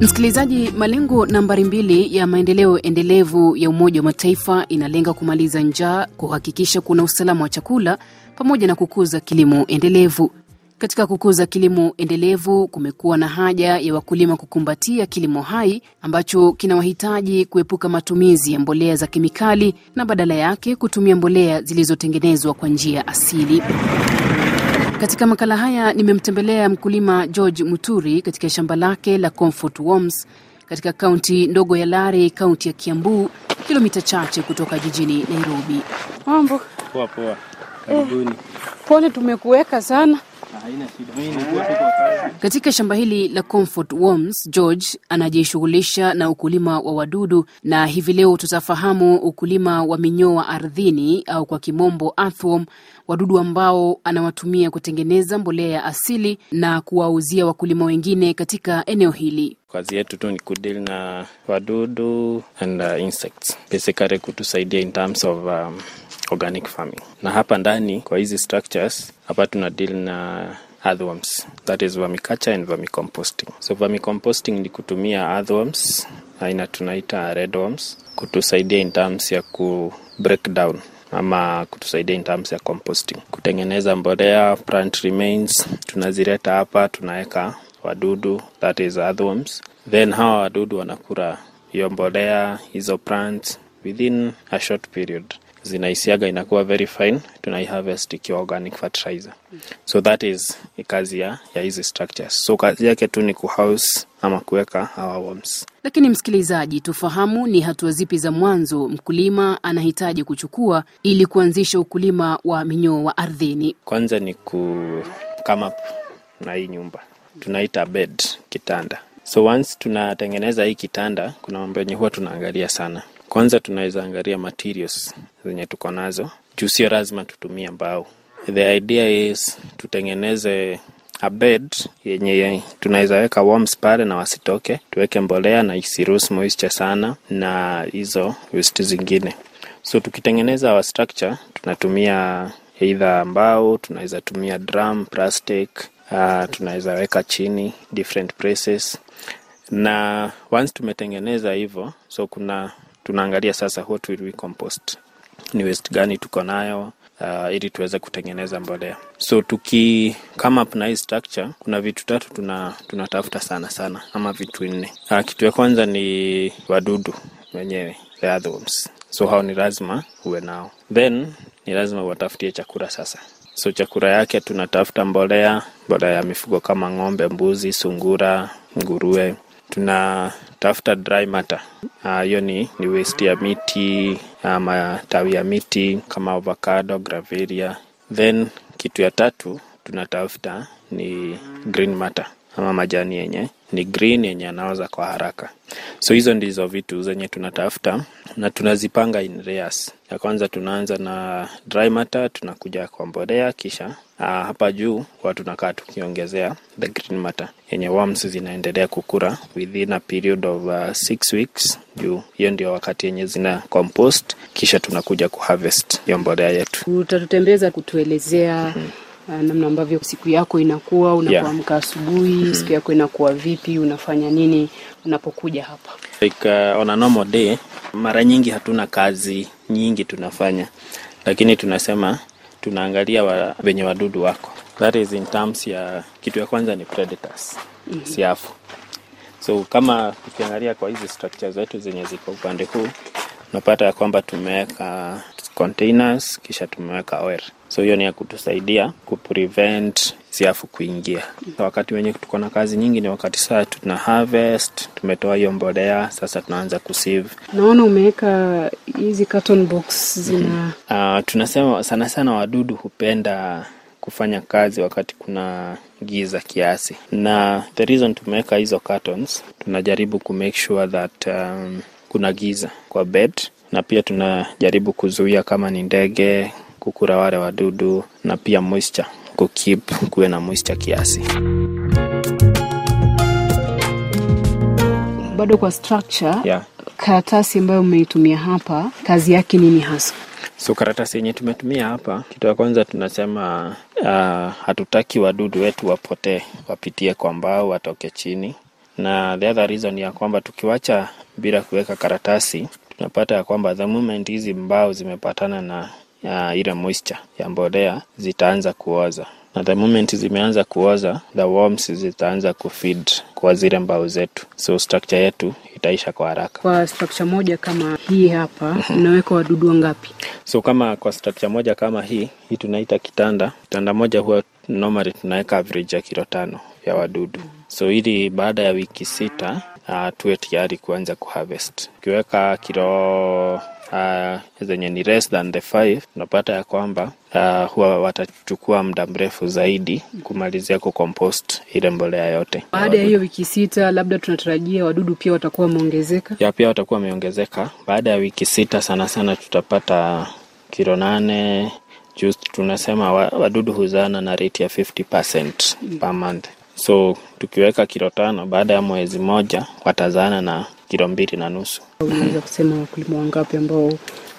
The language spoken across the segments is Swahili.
Msikilizaji, malengo nambari mbili ya maendeleo endelevu ya Umoja wa Mataifa inalenga kumaliza njaa, kuhakikisha kuna usalama wa chakula pamoja na kukuza kilimo endelevu. Katika kukuza kilimo endelevu, kumekuwa na haja ya wakulima kukumbatia kilimo hai ambacho kinawahitaji kuepuka matumizi ya mbolea za kemikali na badala yake kutumia mbolea zilizotengenezwa kwa njia asili. Katika makala haya nimemtembelea mkulima George Muturi katika shamba lake la Comfort Worms katika kaunti ndogo ya Lare, kaunti ya Kiambu, kilomita chache kutoka jijini Nairobi. Mambo poa poa, karibuni. Eh, pole tumekuweka sana katika shamba hili la Comfort Worms, George anajishughulisha na ukulima wa wadudu, na hivi leo tutafahamu ukulima wa minyoo wa ardhini au kwa kimombo earthworm, wadudu ambao anawatumia kutengeneza mbolea ya asili na kuwauzia wakulima wengine katika eneo hili. Kazi yetu tu ni kudili na wadudu and uh, insects basically kutusaidia in terms of um, organic farming. Na hapa ndani kwa hizi structures hapa tuna deal na earthworms. That is vermiculture and vermicomposting. So vermicomposting ni kutumia earthworms aina tunaita redworms kutusaidia in terms ya ku break down ama kutusaidia in terms ya composting, kutengeneza mbolea. Plant remains tunazileta hapa, tunaweka wadudu that is earthworms, then hawa wadudu wanakura hiyo mbolea, hizo plants within a short period zinaisiaga inakuwa very fine, tunaiharvest ikiwa organic fertilizer. So that is kazi ya ya hizi structures. So kazi yake tu ni kuhouse ama kuweka our worms. Lakini msikilizaji, tufahamu ni hatua zipi za mwanzo mkulima anahitaji kuchukua ili kuanzisha ukulima wa minyoo wa ardhini? Kwanza ni ku come up na hii nyumba tunaita bed, kitanda. So once tunatengeneza hii kitanda, kuna mambo yenye huwa tunaangalia sana kwanza tunaweza angalia materials zenye tuko nazo, juu sio lazima tutumie mbao. The idea is tutengeneze a bed yenye tunaweza weka worms pale na wasitoke, tuweke mbolea na isiruhusu moisture sana na hizo waste zingine. So tukitengeneza our structure tunatumia eidha mbao, tunaweza tumia drum, plastic, uh, tunaweza weka chini different places, na once tumetengeneza hivyo, so kuna tunaangalia sasa what will we compost, ni waste gani tuko nayo Uh, ili tuweze kutengeneza mbolea. So tuki come up na hii structure, kuna vitu tatu tuna tunatafuta sana sana ama vitu nne. Uh, kitu ya kwanza ni wadudu wenyewe, earthworms. So hao ni lazima uwe nao, then ni lazima uwatafutie chakula sasa. So chakula yake tunatafuta mbolea, mbolea ya mifugo kama ng'ombe, mbuzi, sungura, nguruwe tafuta dry matter ah, hiyo, ni, ni waste ya miti ah, matawi ya miti kama avocado, graveria. Then kitu ya tatu tunatafuta ni green matter ama majani yenye ni green yenye anaoza kwa haraka. So hizo ndizo vitu zenye tunatafuta na tunazipanga in layers. Ya kwanza tunaanza na dry matter, tunakuja kwa mbolea, kisha aa, ah, hapa juu huwa tunakaa tukiongezea the green matter yenye worms zinaendelea kukura within a period of 6 uh, ah, weeks. Juu hiyo ndio wakati yenye zina compost, kisha tunakuja kuharvest hiyo mbolea yetu. Utatutembeza kutuelezea mm -hmm Eh, namna ambavyo siku yako inakuwa unapoamka yeah. Asubuhi mm -hmm. Siku yako inakuwa vipi? Unafanya nini unapokuja hapa? Like, uh, on a normal day, mara nyingi hatuna kazi nyingi tunafanya, lakini tunasema tunaangalia wa, wenye wadudu wako. That is in terms ya kitu ya kwanza ni predators mm -hmm. Siafu. So kama tukiangalia kwa hizi structure zetu zenye ziko upande huu unapata ya kwamba tumeweka containers kisha tumeweka oil, so hiyo ni ya kutusaidia kuprevent siafu kuingia. So, wakati wenye tuko na kazi nyingi ni wakati saa tuna harvest, tumetoa hiyo mbolea, sasa tunaanza kusave. Naona umeweka hizi carton box zina mm -hmm. Uh, tunasema sana sana wadudu hupenda kufanya kazi wakati kuna giza kiasi, na the reason tumeweka hizo cartons tunajaribu ku sure that um, kuna giza kwa bet, na pia tunajaribu kuzuia kama ni ndege kukura wale wadudu, na pia moisture kukip, kuwe na moisture kiasi. Bado kwa structure yeah. Karatasi ambayo umeitumia hapa kazi yake nini hasa? So karatasi yenye tumetumia hapa, kitu ya kwanza tunasema uh, hatutaki wadudu wetu wapotee, wapitie kwa mbao, watoke chini na the other reason ya kwamba tukiwacha bila kuweka karatasi tunapata ya kwamba the moment hizi mbao zimepatana na uh, ile moisture ya mbolea zitaanza kuoza na the moment zimeanza kuoza the worms zitaanza kufeed kwa zile mbao zetu, so structure yetu itaisha kwa haraka. Kwa structure moja kama hii hapa unaweka wadudu wangapi? So kama kwa structure moja kama hii hii tunaita kitanda, kitanda moja huwa normally tunaweka average ya kilo tano ya wadudu. So ili baada ya wiki sita uh, tuwe tayari kuanza kuharvest. Ukiweka kilo uh, zenye ni less than the five, unapata ya kwamba uh, huwa watachukua muda mrefu zaidi kumalizia kucompost ile mbolea yote. Baada ya hiyo wiki sita, labda tunatarajia wadudu pia watakuwa wameongezeka, ya pia watakuwa wameongezeka. Baada ya wiki sita, sana sana tutapata kilo nane Just tunasema wadudu huzana na rate ya 50% per month. So tukiweka kilo tano baada ya mwezi moja watazaana na kilo mbili na nusu. Unaweza kusema wakulima wangapi ambao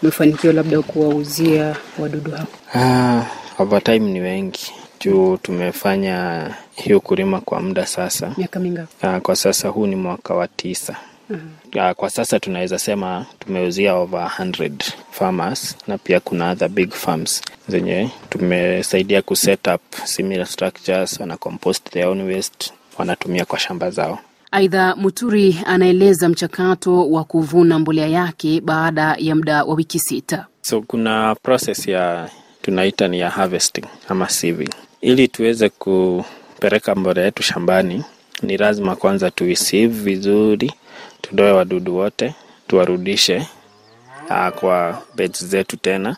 umefanikiwa labda kuwauzia wadudu hapo? Ah, overtime ni wengi juu tumefanya hii ukulima kwa muda sasa. Miaka mingapi? Ah, kwa sasa huu ni mwaka wa tisa. Mm-hmm. Uh, kwa sasa tunaweza sema tumeuzia over 100 farmers na pia kuna other big farms zenye tumesaidia set up similar structures, wana compost their own waste, wanatumia kwa shamba zao. Aidha, Muturi anaeleza mchakato wa kuvuna mbolea yake baada ya muda wa wiki sita. So kuna process ya tunaita ni ya harvesting ama sieving. Ili tuweze kupeleka mbolea yetu shambani, ni lazima kwanza tuisieve vizuri tudoe wadudu wote tuwarudishe uh, kwa beds zetu tena,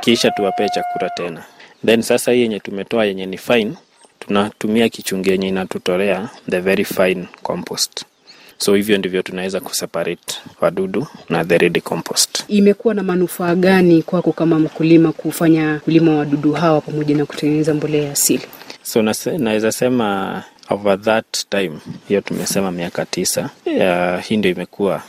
kisha tuwapee chakula tena. Then sasa hii yenye tumetoa yenye ni fine, tunatumia kichungi yenye inatutolea the very fine compost. So hivyo ndivyo tunaweza kuseparate wadudu na the compost. Imekuwa na manufaa gani kwako kama mkulima kufanya kulima wadudu hawa pamoja na kutengeneza mbolea ya asili? So naweza sema over that time hiyo tumesema miaka tisa uh, hii ndio imekuwa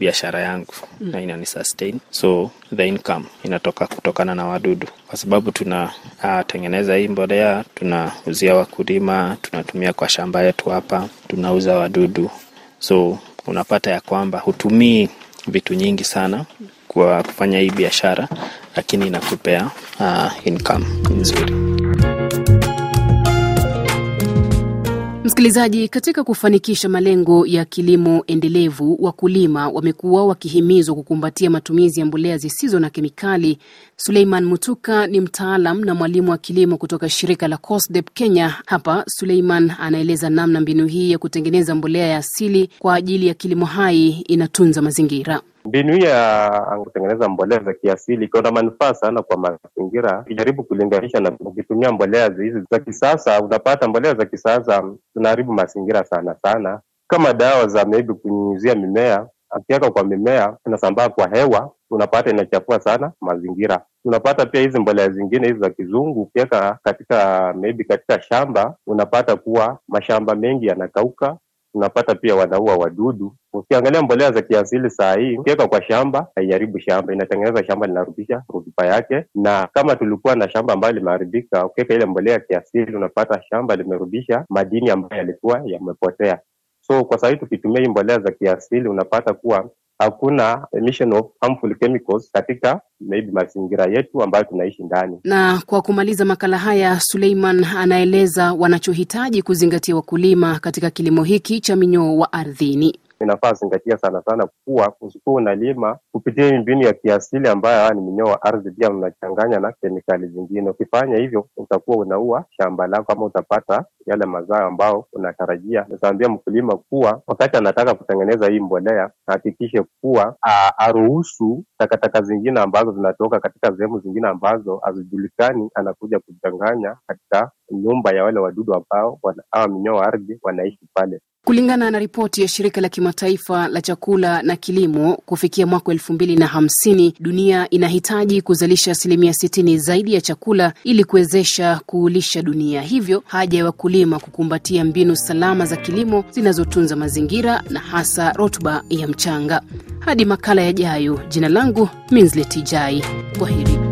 biashara yangu mm. na inani sustain so the income inatoka kutokana na wadudu kwa sababu tunatengeneza ah, uh, hii mbolea tunauzia wakulima tunatumia kwa shamba yetu hapa tunauza wadudu so unapata ya kwamba hutumii vitu nyingi sana kwa kufanya hii biashara lakini inakupea uh, income nzuri mm. Msikilizaji, katika kufanikisha malengo ya kilimo endelevu, wakulima wamekuwa wakihimizwa kukumbatia matumizi ya mbolea zisizo na kemikali. Suleiman Mutuka ni mtaalam na mwalimu wa kilimo kutoka shirika la COSDEP Kenya. Hapa Suleiman anaeleza namna mbinu hii ya kutengeneza mbolea ya asili kwa ajili ya kilimo hai inatunza mazingira. Mbinu hii ya kutengeneza mbolea za kiasili iko na manufaa sana kwa mazingira, ukijaribu kulinganisha na ukitumia mbolea hizi za kisasa. Unapata mbolea za kisasa zinaharibu mazingira sana sana, kama dawa za maybe kunyunyizia mimea akiweka kwa mimea inasambaa kwa hewa, unapata inachafua sana mazingira. Unapata pia hizi mbolea zingine hizi za kizungu, ukiweka katika maybe katika shamba, unapata kuwa mashamba mengi yanakauka, unapata pia wanaua wadudu. Ukiangalia mbolea za kiasili saa hii ukiweka kwa shamba haiharibu shamba, inatengeneza shamba, linarudisha rutuba yake. Na kama tulikuwa na shamba ambayo limeharibika, ukiweka ile mbolea ya kiasili unapata shamba limerudisha madini ambayo yalikuwa yamepotea. So kwa sahii tukitumia hii mbolea za kiasili unapata kuwa hakuna emission of harmful chemicals katika maybe mazingira yetu ambayo tunaishi ndani. Na kwa kumaliza makala haya, Suleiman anaeleza wanachohitaji kuzingatia wakulima katika kilimo hiki cha minyoo wa ardhini inafaa zingatia sana sana kuwa usikuwa unalima kupitia mbinu ya kiasili ambayo ni minyoo wa ardhi, pia mnachanganya na kemikali zingine. Ukifanya hivyo, utakuwa unaua shamba lako ama utapata yale mazao ambao unatarajia. Nitaambia mkulima kuwa wakati anataka kutengeneza hii mbolea ahakikishe kuwa aruhusu takataka zingine ambazo zinatoka katika sehemu zingine ambazo hazijulikani, anakuja kuchanganya katika nyumba ya wale wadudu ambao hawa minyoo wa ardhi wanaishi pale. Kulingana na ripoti ya shirika la kimataifa la chakula na kilimo, kufikia mwaka elfu mbili na hamsini dunia inahitaji kuzalisha asilimia sitini zaidi ya chakula ili kuwezesha kuulisha dunia. Hivyo haja ya wakulima kukumbatia mbinu salama za kilimo zinazotunza mazingira na hasa rutuba ya mchanga. Hadi makala yajayo, jina langu Minzleti Kwa kwaheri.